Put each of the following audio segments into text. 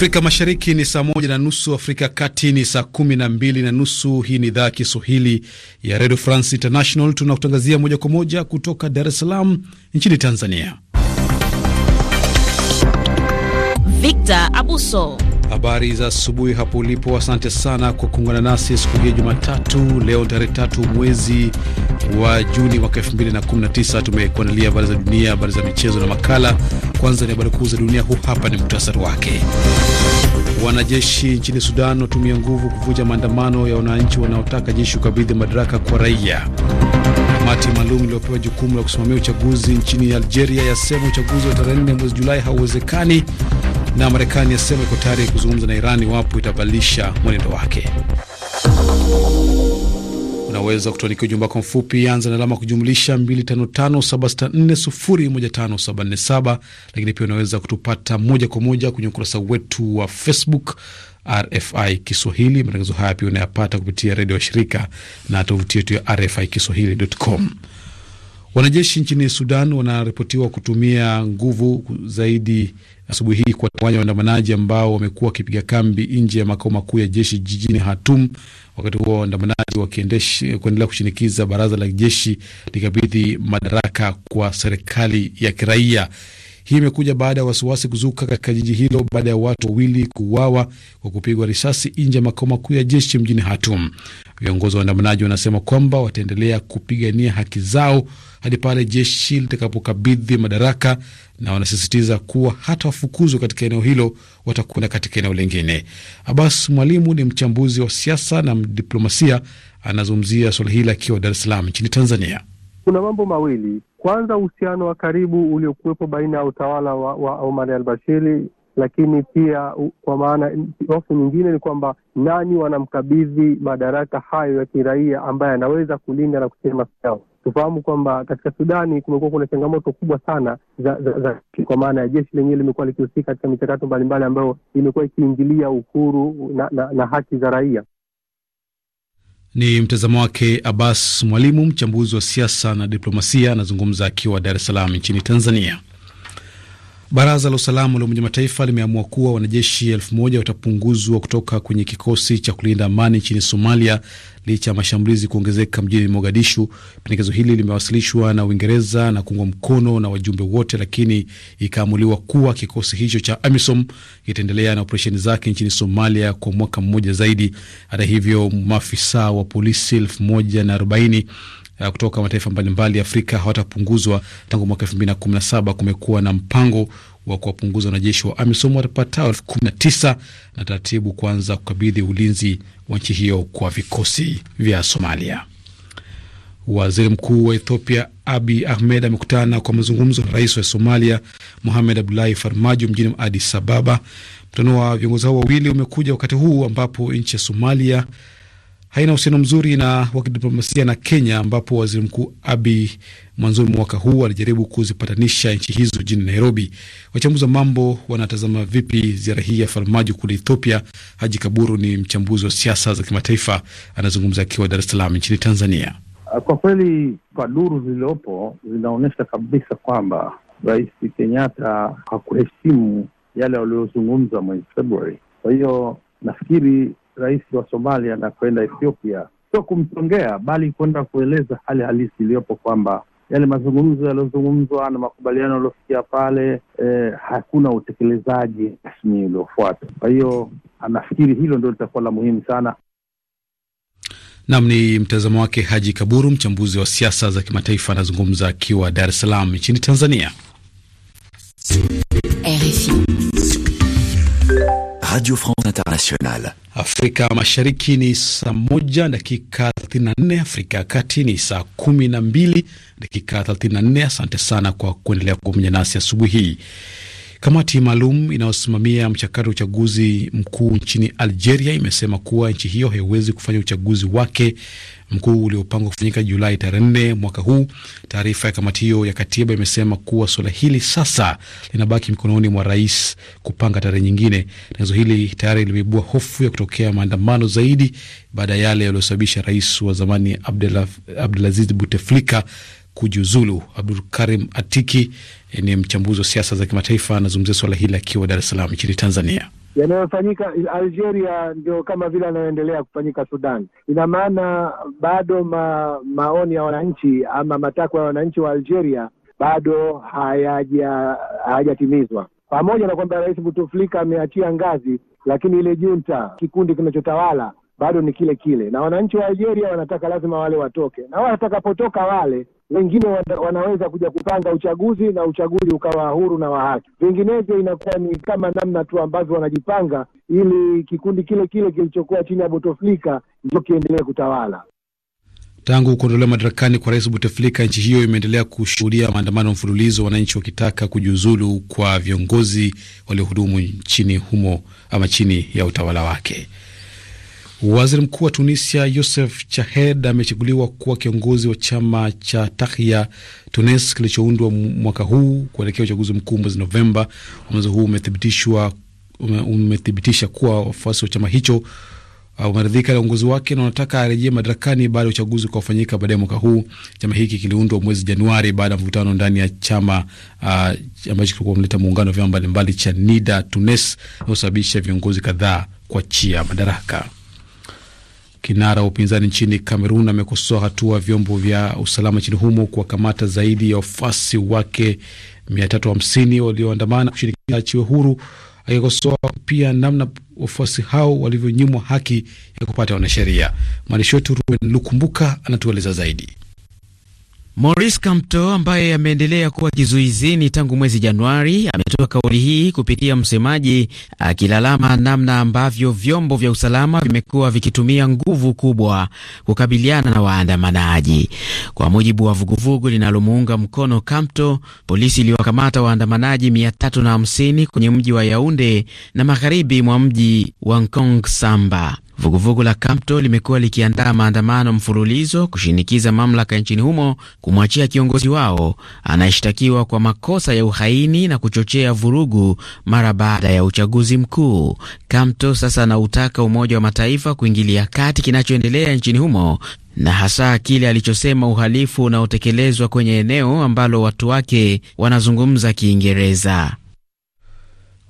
Afrika Mashariki ni saa moja na nusu, Afrika Kati ni saa kumi na mbili na nusu. Hii ni idhaa ya Kiswahili ya Radio France International, tunakutangazia moja kwa moja kutoka Dar es Salaam nchini Tanzania. Victor Abuso Habari za asubuhi hapo ulipo. Asante sana kwa kuungana nasi siku hii ya Jumatatu, leo tarehe tatu mwezi wa Juni mwaka 219 Tumekuandalia habari za dunia, habari za michezo na makala. Kwanza ni habari kuu za dunia, huu hapa ni muhtasari wake. Wanajeshi nchini Sudan watumia nguvu kuvuja maandamano ya wananchi wanaotaka jeshi ukabidhi madaraka kwa raia. Kamati maalum iliyopewa jukumu la kusimamia uchaguzi nchini Algeria yasema uchaguzi wa tarehe 4 mwezi Julai hauwezekani na Marekani yasema iko tayari kuzungumza na Iran iwapo itabadilisha mwenendo wake. Unaweza kutuandikia ujumbe wako mfupi, anza na alama kujumlisha 255764015747. Lakini pia unaweza kutupata moja kwa moja kwenye ukurasa wetu wa Facebook RFI Kiswahili. Matangazo haya pia unayapata kupitia redio wa shirika na tovuti yetu ya RFI Kiswahili.com. Wanajeshi nchini Sudan wanaripotiwa kutumia nguvu zaidi asubuhi hii kuwatawanya waandamanaji ambao wamekuwa wakipiga kambi nje ya makao makuu ya jeshi jijini Hatum, wakati huo waandamanaji kuendelea kushinikiza baraza la jeshi likabidhi madaraka kwa serikali ya kiraia. Hii imekuja baada ya wasiwasi kuzuka katika jiji hilo baada ya watu wawili kuuawa kwa kupigwa risasi nje ya makao makuu ya jeshi mjini Hatum. Viongozi wa waandamanaji wanasema kwamba wataendelea kupigania haki zao hadi pale jeshi litakapokabidhi madaraka, na wanasisitiza kuwa hata wafukuzwa katika eneo hilo watakwenda katika eneo lingine. Abbas Mwalimu ni mchambuzi wa siasa na diplomasia, anazungumzia suala hili akiwa Dar es Salaam nchini Tanzania. Kuna mambo mawili. Kwanza, uhusiano wa karibu uliokuwepo baina ya utawala wa, wa Omar al Bashiri, lakini pia kwa maana hofu nyingine ni kwamba nani wanamkabidhi madaraka hayo ya kiraia ambaye anaweza kulinda na kusema sawa Tufahamu kwamba katika Sudani kumekuwa kuna changamoto kubwa sana za, za, za kwa maana ya jeshi lenyewe limekuwa likihusika katika michakato mbalimbali ambayo imekuwa ikiingilia uhuru na, na, na haki za raia. Ni mtazamo wake Abbas Mwalimu, mchambuzi wa siasa na diplomasia, anazungumza akiwa Dar es Salaam nchini Tanzania. Baraza la usalama la Umoja Mataifa limeamua kuwa wanajeshi elfu moja watapunguzwa kutoka kwenye kikosi cha kulinda amani nchini Somalia licha ya mashambulizi kuongezeka mjini Mogadishu. Pendekezo hili limewasilishwa na Uingereza na kuungwa mkono na wajumbe wote, lakini ikaamuliwa kuwa kikosi hicho cha AMISOM kitaendelea na operesheni zake nchini Somalia kwa mwaka mmoja zaidi. Hata hivyo, maafisa wa polisi elfu moja na arobaini uh, kutoka mataifa mbalimbali ya Afrika hawatapunguzwa tangu mwaka elfu mbili na kumi na saba. Kumekuwa na mpango wa kuwapunguza wanajeshi wa AMISOM watapatao elfu kumi na tisa na taratibu kuanza kukabidhi ulinzi wa nchi hiyo kwa vikosi vya Somalia. Waziri Mkuu wa Ethiopia Abi Ahmed amekutana kwa mazungumzo na rais wa Somalia Mohamed Abdulahi Farmajo mjini Adis Ababa. Mkutano wa viongozi hao wawili umekuja wakati huu ambapo nchi ya Somalia haina uhusiano mzuri na wa kidiplomasia na Kenya, ambapo waziri mkuu Abi mwanzoni mwaka huu alijaribu kuzipatanisha nchi hizo jijini Nairobi. Wachambuzi wa mambo wanatazama vipi ziara hii ya Farmajo kule Ethiopia? Haji Kaburu ni mchambuzi wa siasa za kimataifa, anazungumza akiwa Dar es Salaam nchini Tanzania. Kwa kweli kwa duru zilizopo zinaonyesha kabisa kwamba Rais Kenyatta hakuheshimu yale waliozungumza mwezi Februari. Kwa hiyo nafikiri rais wa Somalia na kwenda Ethiopia sio kumsongea, bali kwenda kueleza hali halisi iliyopo kwamba yale mazungumzo yaliyozungumzwa na makubaliano yaliyofikia pale eh, hakuna utekelezaji rasmi uliofuata. Kwa hiyo anafikiri hilo ndio litakuwa la muhimu sana. Nam ni mtazamo wake Haji Kaburu, mchambuzi wa siasa za kimataifa, anazungumza akiwa Dar es Salaam nchini Tanzania. RFI Radio France Internationale. Afrika Mashariki ni saa moja dakika 34, Afrika ya Kati ni saa kumi na mbili dakika 34. Asante sana kwa kuendelea pamoja nasi asubuhi hii. Kamati maalum inayosimamia mchakato wa uchaguzi mkuu nchini Algeria imesema kuwa nchi hiyo haiwezi kufanya uchaguzi wake mkuu uliopangwa kufanyika Julai tarehe nne mwaka huu. Taarifa ya kamati hiyo ya katiba imesema kuwa suala hili sasa linabaki mikononi mwa rais kupanga tarehe nyingine. Tangazo hili tayari limeibua hofu ya kutokea maandamano zaidi baada ya yale yaliyosababisha rais wa zamani Abdelaziz buteflika kujiuzulu. Abdul Karim Atiki Eh, ni mchambuzi wa siasa za kimataifa, anazungumzia swala hili akiwa Dar es Salaam nchini Tanzania. Yanayofanyika Algeria ndio kama vile yanayoendelea kufanyika Sudan. Ina maana bado ma, maoni ya wananchi ama matakwa ya wananchi wa Algeria bado hayajatimizwa, pamoja na kwamba Rais Bouteflika ameachia ngazi, lakini ile junta, kikundi kinachotawala bado ni kile kile, na wananchi wa Algeria wanataka lazima wale watoke, na watakapotoka wale wengine wana, wanaweza kuja kupanga uchaguzi na uchaguzi ukawa huru na wa haki. Vinginevyo inakuwa ni kama namna tu ambavyo wanajipanga ili kikundi kile kile kilichokuwa chini ya Bouteflika ndio kiendelee kutawala. Tangu kuondolewa madarakani kwa rais buteflika nchi hiyo imeendelea kushuhudia maandamano mfululizo, wananchi wakitaka kujiuzulu kwa viongozi waliohudumu nchini humo ama chini ya utawala wake. Waziri mkuu wa Tunisia Yosef Chahed amechaguliwa kuwa kiongozi wa chama cha Tahya Tunis kilichoundwa mwaka huu kuelekea uchaguzi mkuu mwezi Novemba. Uamuzi huu umethibitishwa umethibitisha kuwa wafuasi wa chama hicho wameridhika uh, na uongozi wake na wanataka arejee madarakani baada ya uchaguzi ukaofanyika baadaye mwaka huu. Chama hiki kiliundwa mwezi Januari baada ya mvutano ndani ya chama uh, ambacho uh, kilikuwa umeleta muungano wa vyama mbalimbali cha Nida Tunis na kusababisha viongozi kadhaa kuachia madaraka. Kinara wa upinzani nchini Kamerun amekosoa hatua vyombo vya usalama nchini humo kuwakamata zaidi ya wafuasi wake 350 walioandamana kushinikiza achiwe huru, akikosoa pia namna wafuasi hao walivyonyimwa haki ya kupata wanasheria. Mwandishi wetu Ruben Lukumbuka anatueleza zaidi. Maurice Kamto ambaye ameendelea kuwa kizuizini tangu mwezi Januari ametoa kauli hii kupitia msemaji akilalama namna ambavyo vyombo vya usalama vimekuwa vikitumia nguvu kubwa kukabiliana na waandamanaji. Kwa mujibu wa vuguvugu linalomuunga mkono Kamto, polisi iliwakamata waandamanaji 350 kwenye mji wa Yaunde na magharibi mwa mji wa Nkong Samba. Vuguvugu la Kamto limekuwa likiandaa maandamano mfululizo kushinikiza mamlaka nchini humo kumwachia kiongozi wao anayeshtakiwa kwa makosa ya uhaini na kuchochea vurugu mara baada ya uchaguzi mkuu. Kamto sasa anautaka Umoja wa Mataifa kuingilia kati kinachoendelea nchini humo na hasa kile alichosema uhalifu unaotekelezwa kwenye eneo ambalo watu wake wanazungumza Kiingereza.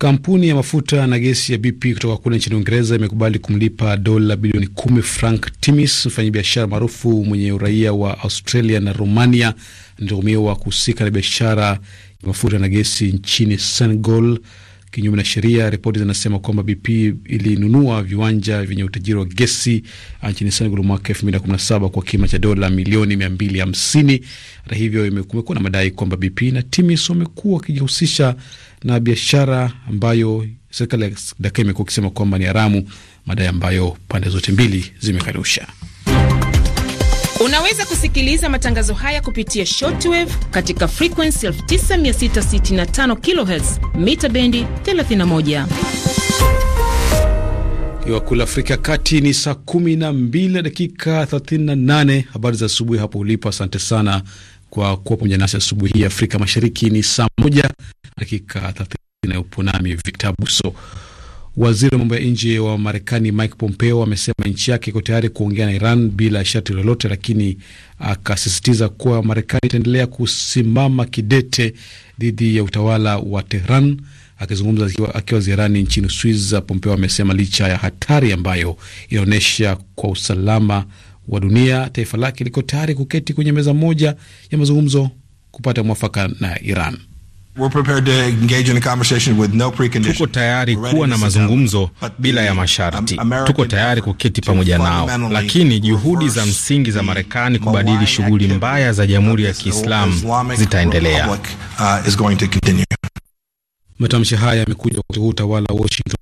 Kampuni ya mafuta na gesi ya BP kutoka kule nchini Uingereza imekubali kumlipa dola bilioni kumi Frank Timis, mfanyabiashara maarufu mwenye uraia wa Australia na Romania, anatuhumiwa kuhusika na biashara ya mafuta na gesi nchini Senegal kinyume na sheria. Ripoti zinasema kwamba BP ilinunua viwanja vyenye utajiri wa gesi nchini Senegal mwaka elfu mbili na kumi na saba kwa kima cha dola milioni mia mbili hamsini. Hata hivyo, kumekuwa na madai kwamba BP na Timis wamekuwa wakijihusisha na biashara ambayo serikali ya Dakar imekuwa ikisema kwamba ni haramu, madai ambayo pande zote mbili zimekanusha. Unaweza kusikiliza matangazo haya kupitia shortwave katika frequency 9665 kHz mita bendi 31. wa kula Afrika Kati ni saa 12 na dakika 38. Habari za asubuhi hapo ulipo. Asante sana kwa kuwa pamoja nasi asubuhi hii. Afrika Mashariki ni saa moja dakika thelathini, na upo nami Victor Buso. Waziri wa mambo ya nje wa Marekani Mike Pompeo amesema nchi yake iko tayari kuongea na Iran bila shati lolote, lakini akasisitiza kuwa Marekani itaendelea kusimama kidete dhidi ya utawala wa Tehran. Akizungumza akiwa, akiwa ziarani nchini Swiss, Pompeo amesema licha ya hatari ambayo inaonyesha kwa usalama wa dunia, taifa lake liko tayari kuketi kwenye meza moja ya mazungumzo kupata mwafaka na Iran. tuko tayari kuwa na mazungumzo bila ya masharti. Tuko tayari kuketi pamoja nao, lakini juhudi za msingi za Marekani kubadili shughuli mbaya za Jamhuri ya Kiislamu zitaendelea. Uh, Matamshi haya yamekuja wakati huu utawala wa Washington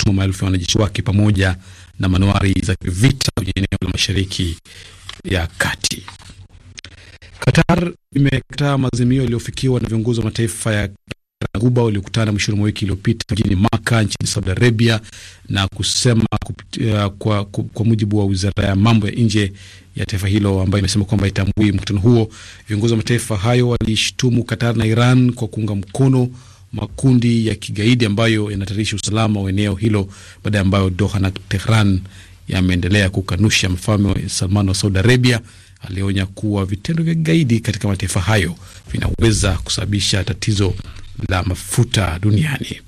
kutuma maelfu ya wanajeshi wake pamoja na manuari za kivita kwenye eneo la Mashariki ya Kati. Qatar imekataa maazimio yaliyofikiwa na viongozi wa mataifa ya Ghuba waliokutana mwishoni mwa wiki iliyopita mjini Maka nchini Saudi Arabia na kusema kupitia, kwa, kwa, kwa mujibu wa wizara ya mambo ya nje ya taifa hilo ambayo imesema kwamba itambui mkutano huo. Viongozi wa mataifa hayo walishtumu Qatar na Iran kwa kuunga mkono makundi ya kigaidi ambayo yanatarisha usalama wa eneo hilo baada ya ambayo Doha na Tehran yameendelea kukanusha. Mfalme Salman wa Saudi Arabia alionya kuwa vitendo vya kigaidi katika mataifa hayo vinaweza kusababisha tatizo la mafuta duniani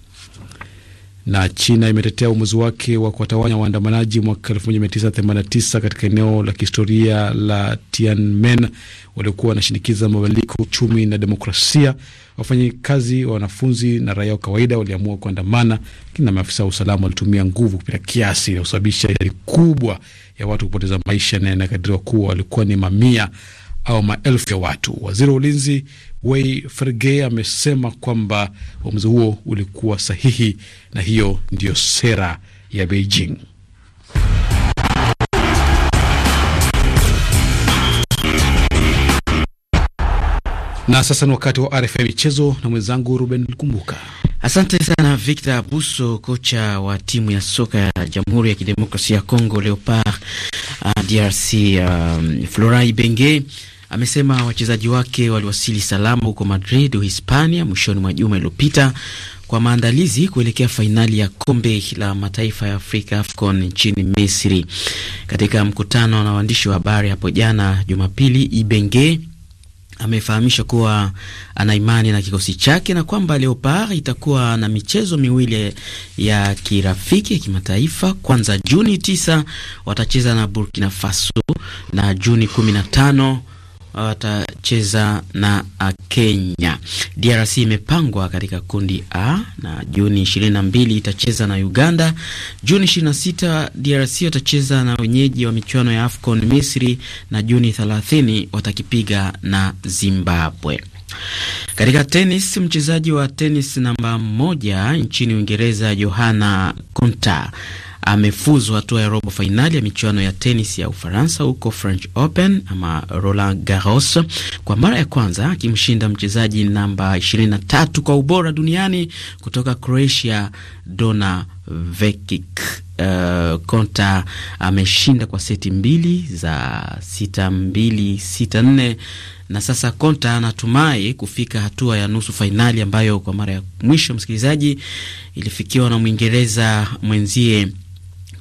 na China imetetea uamuzi wake wa kuwatawanya waandamanaji mwaka 1989 katika eneo la kihistoria la Tiananmen waliokuwa wanashinikiza mabadiliko uchumi na demokrasia. Wafanyakazi wa wanafunzi na raia wa kawaida waliamua kuandamana, lakini na maafisa wa usalama walitumia nguvu kupita kiasi na kusababisha idadi kubwa ya watu kupoteza maisha, na inakadiriwa kuwa walikuwa ni mamia au maelfu ya watu. Waziri wa ulinzi Wei Ferge amesema kwamba uamuzi huo ulikuwa sahihi na hiyo ndiyo sera ya Beijing. Na sasa ni wakati wa RFI michezo na mwenzangu Ruben Kumbuka. Asante sana Victor Buso, kocha wa timu ya soka ya Jamhuri ya Kidemokrasia ya Kongo Leopard, uh, DRC, um, Florai Benge amesema wachezaji wake waliwasili salama huko Madrid, Uhispania, mwishoni mwa juma iliyopita kwa maandalizi kuelekea fainali ya kombe la mataifa ya Afrika AFCON nchini Misri. Katika mkutano na waandishi wa habari hapo jana Jumapili, Ibenge amefahamisha kuwa ana imani na kikosi chake na kwamba Leopard itakuwa na michezo miwili ya kirafiki ya kimataifa. Kwanza Juni 9 watacheza na Burkina Faso na Juni 15 watacheza na ah, Kenya. DRC imepangwa katika kundi A na Juni 22 itacheza na Uganda. Juni 26 DRC watacheza na wenyeji wa michuano ya AFCON Misri, na Juni 30 watakipiga na Zimbabwe. Katika tenis, mchezaji wa tenis namba moja nchini Uingereza Johanna Konta amefuzu hatua ya robo fainali ya michuano ya tenis ya Ufaransa huko French Open ama Roland Garros kwa mara ya kwanza, akimshinda mchezaji namba 23 kwa ubora duniani kutoka Croatia Dona Vekic. Uh, Konta ameshinda kwa seti mbili za sita mbili sita nne na sasa Konta anatumai kufika hatua ya nusu fainali ambayo kwa mara ya mwisho, msikilizaji, ilifikiwa na Mwingereza mwenzie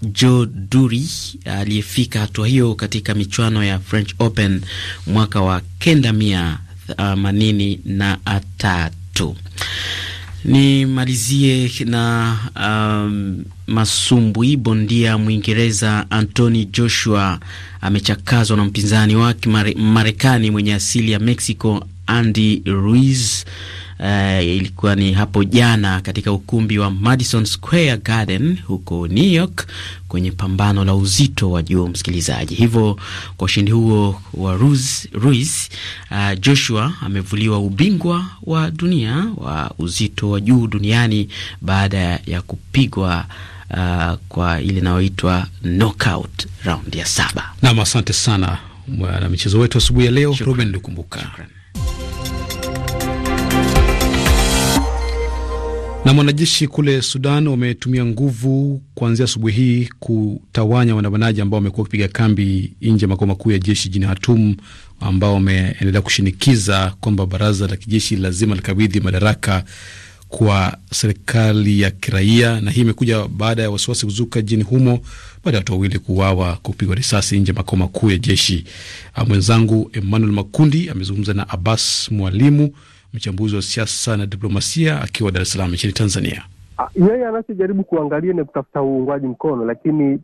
Joe Duri aliyefika hatua hiyo katika michuano ya French Open mwaka wa kenda mia themanini na tatu. Nimalizie na um, masumbwi. Bondia Mwingereza Anthony Joshua amechakazwa na mpinzani wake Marekani mwenye asili ya Mexico Andy Ruiz Uh, ilikuwa ni hapo jana katika ukumbi wa Madison Square Garden huko New York kwenye pambano la uzito wa juu msikilizaji. Hivyo kwa ushindi huo wa Ruiz, Ruiz uh, Joshua amevuliwa ubingwa wa dunia wa uzito wa juu duniani baada ya kupigwa uh, kwa ile inayoitwa knockout round ya saba. Nam, asante sana michezo wetu asubuhi ya leo Ruben Lukumbuka. Shukran. Na wanajeshi kule Sudan wametumia nguvu kuanzia asubuhi hii kutawanya waandamanaji ambao wamekuwa wakipiga kambi nje ya makao makuu ya jeshi jini Hatum, ambao wameendelea kushinikiza kwamba baraza la kijeshi lazima likabidhi madaraka kwa serikali ya kiraia. Na hii imekuja baada ya wasiwasi kuzuka jini humo baada ya watu wawili kuuawa kupigwa risasi nje makao makuu ya jeshi. Mwenzangu Emmanuel Makundi amezungumza na Abbas Mwalimu mchambuzi wa siasa na diplomasia akiwa Dar es Salaam nchini Tanzania. Ah, yeye anachojaribu kuangalia ni kutafuta uungwaji mkono, lakini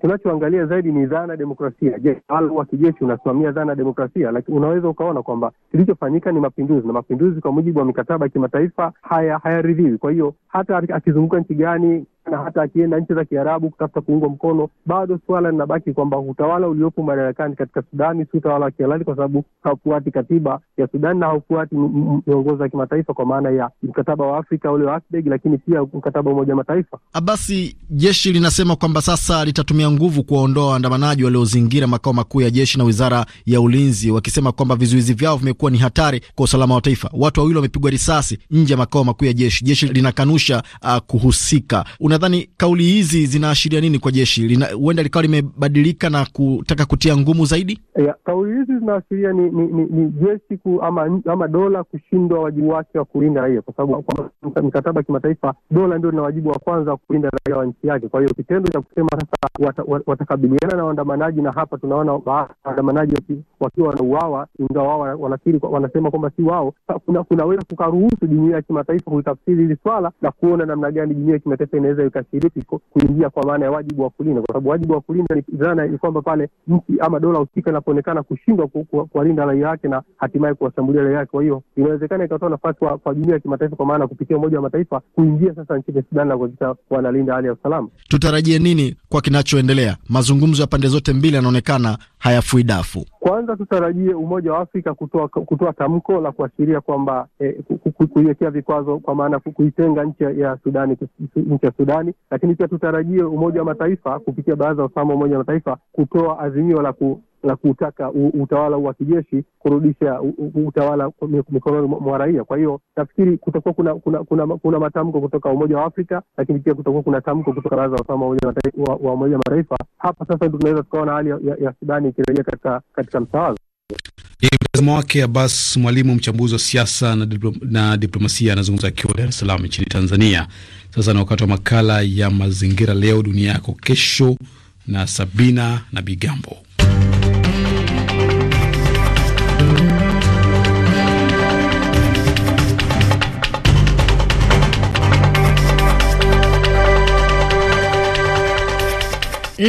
tunachoangalia tunacho zaidi ni dhana ya demokrasia. Je, utawala wa kijeshi unasimamia dhana ya demokrasia? Lakini unaweza ukaona kwamba kilichofanyika ni mapinduzi, na mapinduzi kwa mujibu wa mikataba ya kimataifa haya hayaridhiwi. Kwa hiyo hata akizunguka nchi gani, na hata akienda nchi za Kiarabu kutafuta kuungwa mkono, bado suala linabaki kwamba utawala uliopo madarakani katika Sudani si utawala wa kihalali, kwa sababu haufuati katiba ya Sudani na haufuati miongozo ya kimataifa kwa maana ya mkataba wa Afrika ule wa ASBEG, lakini pia mkataba wa Umoja Mataifa. Abasi, jeshi linasema kwamba sasa litatumia nguvu kuwaondoa waandamanaji waliozingira makao makuu ya jeshi na wizara ya ulinzi, wakisema kwamba vizuizi vyao vimekuwa ni hatari kwa usalama wa taifa. Watu wawili wamepigwa risasi nje ya makao makuu ya jeshi, jeshi linakanusha uh, kuhusika unadhani kauli hizi zinaashiria nini kwa jeshi? Huenda likawa limebadilika na kutaka kutia ngumu zaidi? Yeah, kauli hizi zinaashiria ni, ni, ni, ni jeshi ku, ama, ama dola kushindwa wajibu wake wa kulinda raia, kwa sababu kwa mikataba ya kimataifa dola ndio lina wajibu wa kwanza wa kulinda raia wa nchi yake. Kwa hiyo kitendo cha kusema sasa watakabiliana wata watakabiliana na waandamanaji, na hapa tunaona waandamanaji wakiwa wanauawa, ingawa wao wanakiri wanasema kwamba si wao, kunaweza kuna kukaruhusu jumuia ya kimataifa kulitafsiri hili swala na kuona namna gani ya kimataifa inaweza kutekeleza mikakati kuingia kwa maana ya wajibu wa kulinda, kwa sababu wajibu wa kulinda ni dhana ni kwamba pale nchi ama dola husika inapoonekana kushindwa kuwalinda raia yake na hatimaye kuwashambulia raia yake. Kwa hiyo inawezekana ikatoa nafasi kwa jumuia ya kimataifa, kwa maana kupitia Umoja wa Mataifa kuingia sasa nchini Sudan na kuhakikisha wanalinda hali ya usalama. Tutarajie nini kwa kinachoendelea? Mazungumzo ya pande zote mbili yanaonekana hayafui dafu. Kwanza tutarajie Umoja wa Afrika kutoa kutoa tamko la kuashiria kwamba eh, kuiwekea vikwazo kwa maana kuitenga nchi ya Sudani, nchi ya Sudani ndani, lakini pia tutarajie Umoja wa Mataifa kupitia Baraza la Usalama Umoja wa Mataifa kutoa azimio la ku la kutaka utawala wa kijeshi kurudisha utawala mikononi mwa raia. Kwa hiyo nafikiri kutakuwa kuna kuna kuna, kuna matamko kutoka Umoja wa Afrika, lakini pia kutakuwa kuna tamko kutoka Baraza la Usalama wa Umoja wa Mataifa. Hapa sasa ndio tunaweza tukaona hali ya, ya ya Sudani ikirejea katika katika mtawazo. Ni mtazamo wake Abbas Mwalimu, mchambuzi wa siasa na, diplom, na diplomasia, anazungumza akiwa Dar es Salaam nchini Tanzania. Sasa na wakati wa makala ya mazingira, leo dunia yako kesho, na Sabina na Bigambo.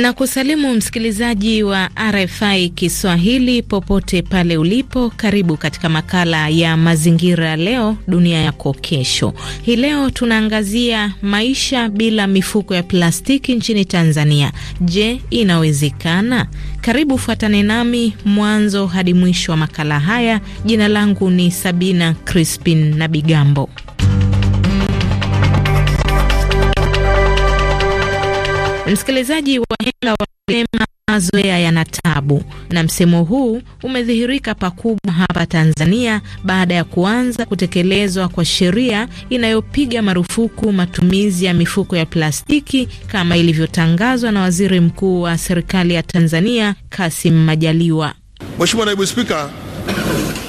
na kusalimu msikilizaji wa RFI Kiswahili popote pale ulipo. Karibu katika makala ya mazingira, leo dunia yako kesho. Hii leo tunaangazia maisha bila mifuko ya plastiki nchini Tanzania. Je, inawezekana? Karibu, fuatane nami mwanzo hadi mwisho wa makala haya. Jina langu ni Sabina Crispin na Bigambo. Msikilizaji wa hela wasema mazoea yana tabu, na msemo huu umedhihirika pakubwa hapa Tanzania baada ya kuanza kutekelezwa kwa sheria inayopiga marufuku matumizi ya mifuko ya plastiki kama ilivyotangazwa na Waziri Mkuu wa serikali ya Tanzania Kasim Majaliwa. Mheshimiwa Naibu Spika,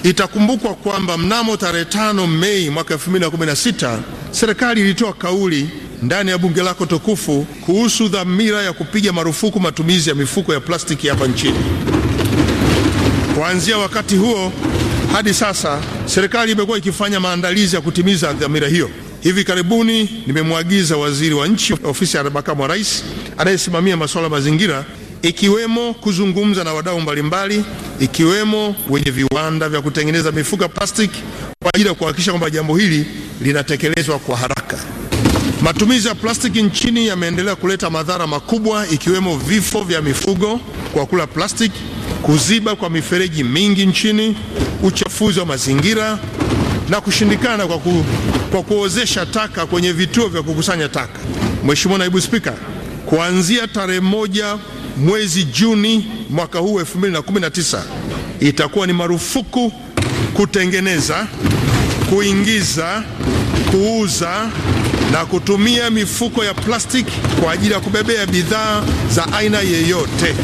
itakumbukwa kwamba mnamo tarehe 5 Mei mwaka 2016 Serikali ilitoa kauli ndani ya bunge lako tukufu kuhusu dhamira ya kupiga marufuku matumizi ya mifuko ya plastiki hapa nchini. Kuanzia wakati huo hadi sasa, serikali imekuwa ikifanya maandalizi ya kutimiza dhamira hiyo. Hivi karibuni nimemwagiza waziri wa nchi, ofisi ya makamu wa rais, anayesimamia masuala mazingira ikiwemo kuzungumza na wadau mbalimbali ikiwemo wenye viwanda vya kutengeneza mifuko plastiki kwa ajili ya kuhakikisha kwamba jambo hili linatekelezwa kwa haraka. Matumizi ya plastiki nchini yameendelea kuleta madhara makubwa ikiwemo vifo vya mifugo kwa kula plastiki, kuziba kwa mifereji mingi nchini, uchafuzi wa mazingira na kushindikana kwa, ku, kwa kuozesha taka kwenye vituo vya kukusanya taka. Mheshimiwa Naibu Spika, kuanzia tarehe moja mwezi Juni mwaka huu 2019 itakuwa ni marufuku kutengeneza, kuingiza, kuuza na kutumia mifuko ya plastiki kwa ajili ya kubebea bidhaa za aina yeyote.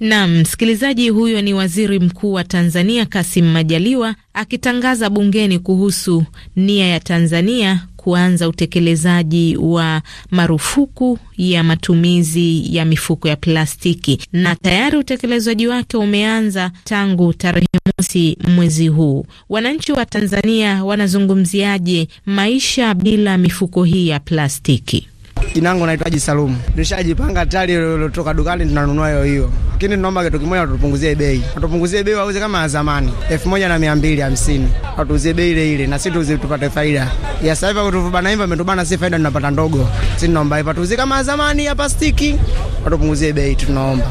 Naam, msikilizaji, huyo ni Waziri Mkuu wa Tanzania Kassim Majaliwa akitangaza bungeni kuhusu nia ya Tanzania kuanza utekelezaji wa marufuku ya matumizi ya mifuko ya plastiki na tayari utekelezaji wake umeanza tangu tarehe mosi mwezi huu. Wananchi wa Tanzania wanazungumziaje maisha bila mifuko hii ya plastiki? Jina langu naitwa Haji Salumu. Nishajipanga tayari, lilotoka dukani tunanunua hiyo hiyo, lakini tunaomba kitu kimoja, watupunguzie bei, watupunguzie bei, wauze kama zamani elfu moja na mia mbili hamsini watuuzie bei ile ile, na sisi tupate faida ya sasa hivi. Kutubana hivi ametubana, si faida tunapata ndogo. Sisi tunaomba hivyo, watuuzie kama zamani ya plastiki, watupunguzie bei, tunaomba.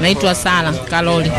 Naitwa Sara Kaloli,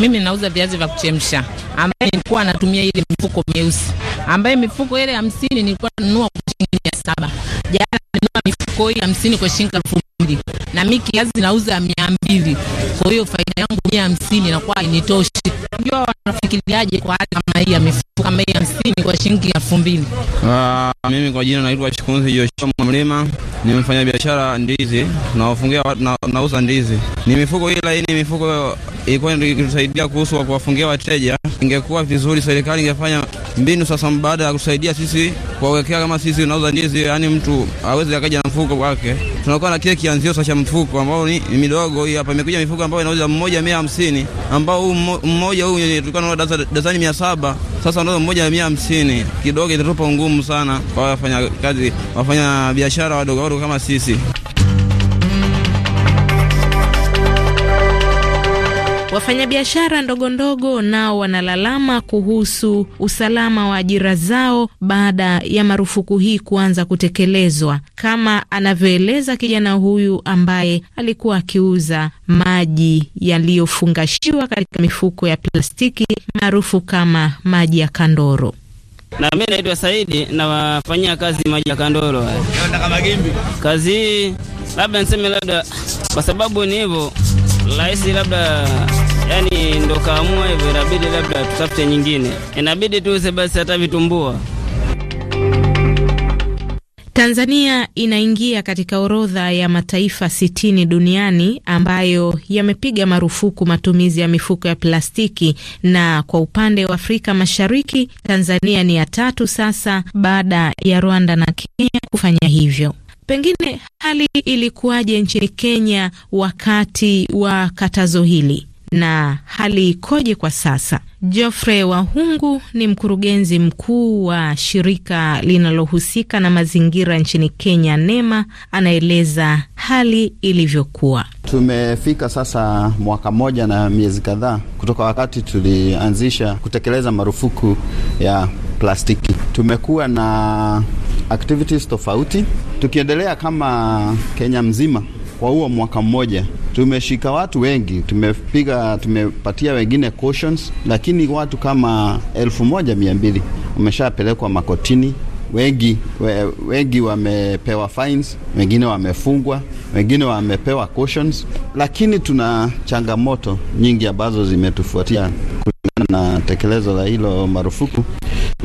mimi nauza viazi vya kuchemsha ambaye nilikuwa natumia ile mifuko meusi ambaye mifuko ile hamsini nilikuwa nanunua kwa shilingi mia saba. Jana nanunua mifuko hii hamsini kwa shilingi elfu mbili na mi kiazi nauza mia mbili kwa hiyo faida yangu mia hamsini inakuwa hainitoshi. Unajua wanafikiriaje kwa hali kama hii ya mifuko kama hii hamsini kwa shilingi elfu mbili? Uh, mimi kwa jina naitwa Shikunzi Joshua Mwamlima, ni mfanya biashara ndizi, nawafungia na, nauza ndizi. Ni mifuko hii laini, mifuko ilikuwa ikitusaidia kuhusu kuwafungia wateja. Ingekuwa vizuri serikali ingefanya mbinu sasa baada ya kusaidia sisi kuwawekea, kama sisi tunauza ndizi, yaani mtu aweze akaja na mfuko wake. Tunakuwa na kile kianzio sasa cha mfuko ambao ni midogo hii hapa. Imekuja mifuko ambayo inauza mmoja mia hamsini ambao huu mmoja huu tulikuwa tunauza dazani mia saba sasa unauza mmoja mia hamsini kidogo, itatupa ngumu sana kwa wafanya kazi wafanya biashara wadogo wadogo kama sisi. Wafanyabiashara ndogondogo nao wanalalama kuhusu usalama wa ajira zao baada ya marufuku hii kuanza kutekelezwa, kama anavyoeleza kijana huyu ambaye alikuwa akiuza maji yaliyofungashiwa katika mifuko ya plastiki maarufu kama maji ya kandoro. Na mimi naitwa Saidi, nawafanyia kazi maji ya kandoro. Kazi hii labda niseme, labda kwa sababu ni hivyo rahisi, labda yani ndo kaamua hivyo, inabidi labda tutafute nyingine, inabidi tuuze basi hata vitumbua. Tanzania inaingia katika orodha ya mataifa sitini duniani ambayo yamepiga marufuku matumizi ya mifuko ya plastiki, na kwa upande wa Afrika Mashariki, Tanzania ni ya tatu sasa baada ya Rwanda na Kenya kufanya hivyo. Pengine hali ilikuwaje nchini Kenya wakati wa katazo hili? na hali ikoje kwa sasa? Geoffrey Wahungu ni mkurugenzi mkuu wa shirika linalohusika na mazingira nchini Kenya, NEMA, anaeleza hali ilivyokuwa. Tumefika sasa mwaka moja na miezi kadhaa kutoka wakati tulianzisha kutekeleza marufuku ya plastiki. Tumekuwa na activities tofauti tukiendelea kama Kenya mzima kwa huo mwaka mmoja tumeshika watu wengi, tumepiga tumepatia wengine cautions, lakini watu kama elfu moja mia mbili wameshapelekwa makotini wengi we, wengi wamepewa fines, wengine wamefungwa, wengine wamepewa cautions, lakini tuna changamoto nyingi ambazo zimetufuatia kulingana na tekelezo la hilo marufuku.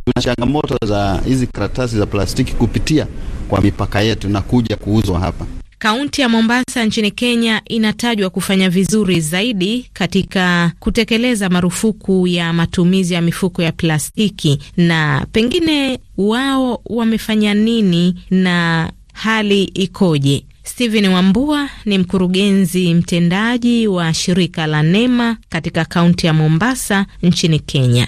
Tuna changamoto za hizi karatasi za plastiki kupitia kwa mipaka yetu na kuja kuuzwa hapa. Kaunti ya Mombasa nchini Kenya inatajwa kufanya vizuri zaidi katika kutekeleza marufuku ya matumizi ya mifuko ya plastiki, na pengine wao wamefanya nini na hali ikoje? Steven Wambua ni mkurugenzi mtendaji wa shirika la NEMA katika kaunti ya Mombasa nchini Kenya.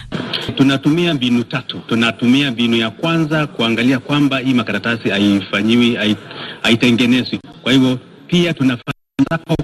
Tunatumia mbinu tatu. Tunatumia mbinu ya kwanza kuangalia kwamba hii makaratasi haifanyiwi, haitengenezwi. Kwa hivyo pia tunafanya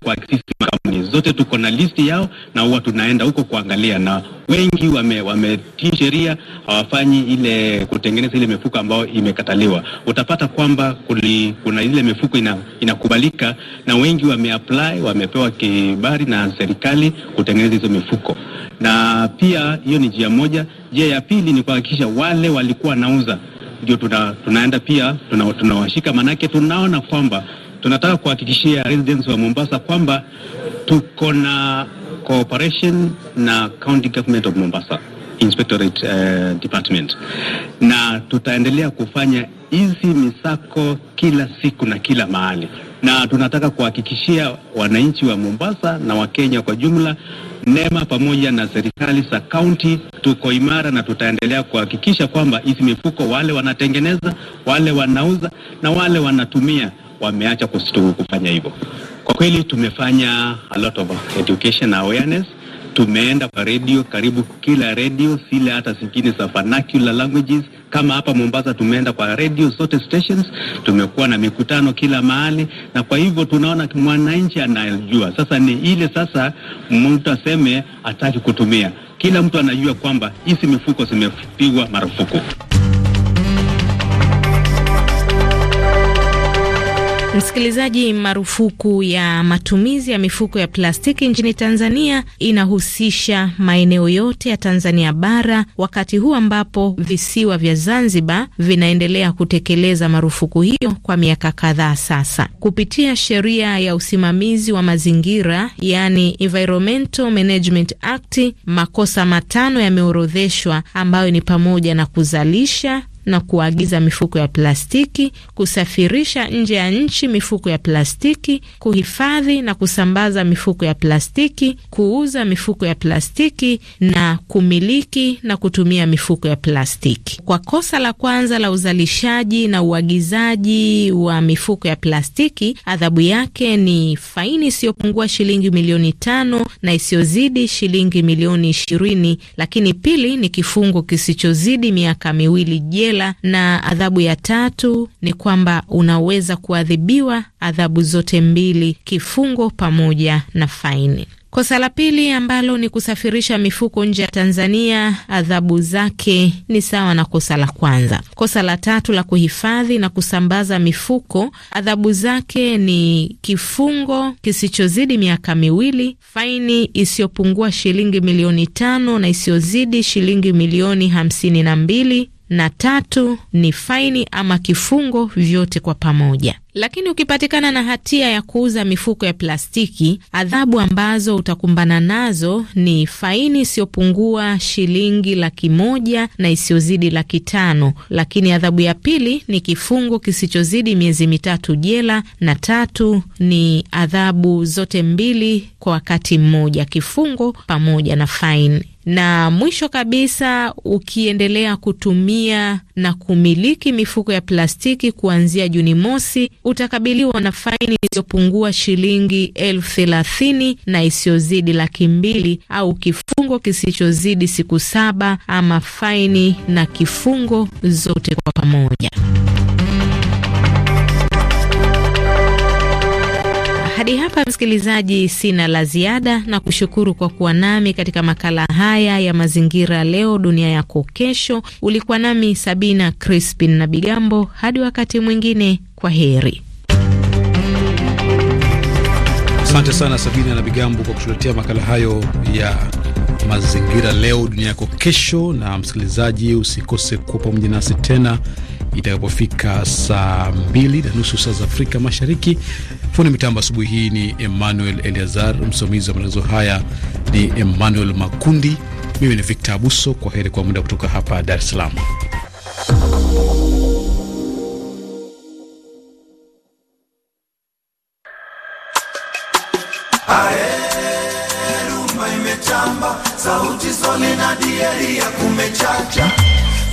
kwa sisi makampuni zote tuko na listi yao, na huwa tunaenda huko kuangalia, na wengi wametii wame sheria, hawafanyi ile kutengeneza ile mifuko ambayo imekataliwa. Utapata kwamba kuli, kuna ile mifuko ina, inakubalika na wengi wameapply, wamepewa kibali na serikali kutengeneza hizo mifuko, na pia hiyo ni njia moja. Njia ya pili ni kuhakikisha wale walikuwa wanauza ndio tuna, tunaenda pia tunawashika tuna, manake tunaona kwamba tunataka kuhakikishia residents wa Mombasa kwamba tuko na cooperation na county government of Mombasa Inspectorate uh, Department na tutaendelea kufanya hizi misako kila siku na kila mahali, na tunataka kuhakikishia wananchi wa Mombasa na Wakenya kwa jumla NEMA pamoja na serikali za kaunti tuko imara, na tutaendelea kuhakikisha kwamba hizi mifuko wale wanatengeneza, wale wanauza na wale wanatumia wameacha kufanya hivyo. Kwa kweli tumefanya a lot of education awareness tumeenda kwa redio karibu kila redio zile hata zingine za vernacular languages. Kama hapa Mombasa tumeenda kwa redio zote stations, tumekuwa na mikutano kila mahali, na kwa hivyo tunaona mwananchi anajua sasa. Ni ile sasa mtu aseme ataki kutumia, kila mtu anajua kwamba hizi mifuko zimepigwa marufuku. Msikilizaji, marufuku ya matumizi ya mifuko ya plastiki nchini Tanzania inahusisha maeneo yote ya Tanzania bara, wakati huu ambapo visiwa vya Zanzibar vinaendelea kutekeleza marufuku hiyo kwa miaka kadhaa sasa. Kupitia sheria ya usimamizi wa mazingira, yani Environmental Management Act, makosa matano yameorodheshwa ambayo ni pamoja na kuzalisha, na kuagiza mifuko ya plastiki, kusafirisha nje ya nchi mifuko ya plastiki, kuhifadhi na kusambaza mifuko ya plastiki, kuuza mifuko ya plastiki na kumiliki na kutumia mifuko ya plastiki. Kwa kosa la kwanza la uzalishaji na uagizaji wa mifuko ya plastiki, adhabu yake ni faini isiyopungua shilingi milioni tano na isiyozidi shilingi milioni ishirini, lakini pili ni kifungo kisichozidi miaka miwili jela jela, na adhabu ya tatu ni kwamba unaweza kuadhibiwa adhabu zote mbili, kifungo pamoja na faini. Kosa la pili ambalo ni kusafirisha mifuko nje ya Tanzania, adhabu zake ni sawa na kosa la kwanza. Kosa la tatu la kuhifadhi na kusambaza mifuko, adhabu zake ni kifungo kisichozidi miaka miwili, faini isiyopungua shilingi milioni tano na isiyozidi shilingi milioni hamsini na mbili, na tatu ni faini ama kifungo, vyote kwa pamoja. Lakini ukipatikana na hatia ya kuuza mifuko ya plastiki, adhabu ambazo utakumbana nazo ni faini isiyopungua shilingi laki moja na isiyozidi laki tano, lakini adhabu ya pili ni kifungo kisichozidi miezi mitatu jela, na tatu ni adhabu zote mbili kwa wakati mmoja, kifungo pamoja na faini. Na mwisho kabisa, ukiendelea kutumia na kumiliki mifuko ya plastiki kuanzia Juni mosi, utakabiliwa na faini isiyopungua shilingi elfu thelathini na isiyozidi laki mbili au kifungo kisichozidi siku saba ama faini na kifungo zote kwa pamoja. Hadi hapa msikilizaji, sina la ziada na kushukuru kwa kuwa nami katika makala haya ya mazingira, leo dunia yako kesho. Ulikuwa nami Sabina Crispin na Bigambo. Hadi wakati mwingine, kwa heri. Asante sana Sabina na Bigambo kwa kutuletea makala hayo ya mazingira, leo dunia yako kesho. Na msikilizaji, usikose kuwa pamoja nasi tena itakapofika saa mbili na nusu saa za Afrika Mashariki Fundi mitambo asubuhi hii ni Emmanuel Eliazar, msimamizi wa matangazo haya ni Emmanuel Makundi, mimi ni Victor Abuso. Kwa heri kwa muda kutoka hapa Dar es Salaam. Sauti sole na diaria kumechacha,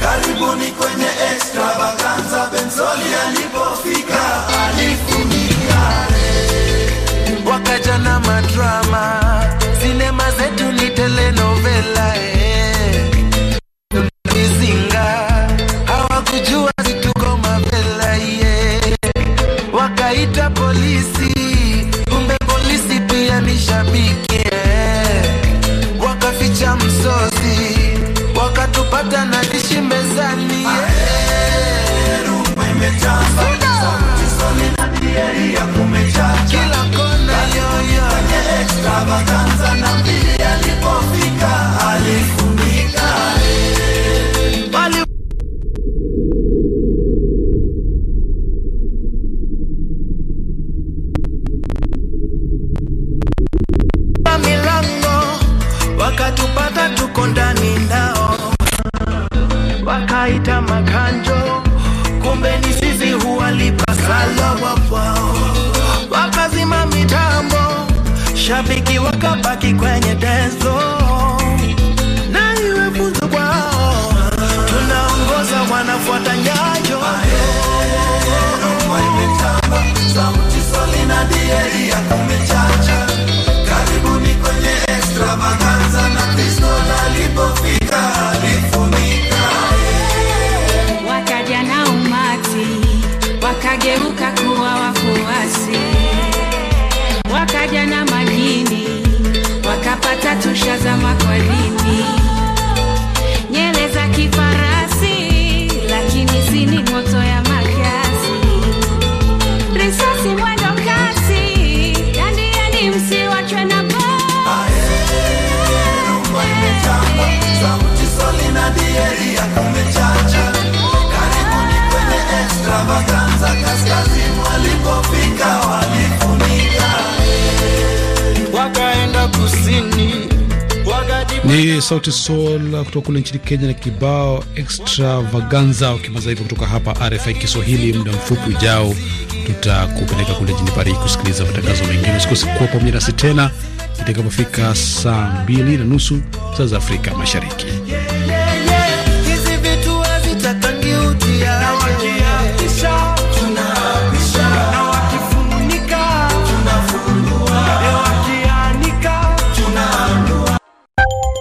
karibuni kwenye extravaganza. Benzoli alipofika alifunika jana madrama, sinema zetu ni telenovela eh. marafiki wakabaki kwenye denzo na iwe funzo kwao, tunaongoza wanafuata nyayo sauti sol inadia kumechanja, karibuni kwenye extravagance I'm kwa rini Ni Sauti Sol kutoka kule nchini Kenya na kibao extravaganza. Ukimaza hivyo kutoka hapa RFI Kiswahili, muda mfupi ujao tutakupeleka kule jini Paris kusikiliza matangazo mengine. Usikose kuwa pamoja nasi tena itakapofika saa mbili na nusu saa za Afrika Mashariki.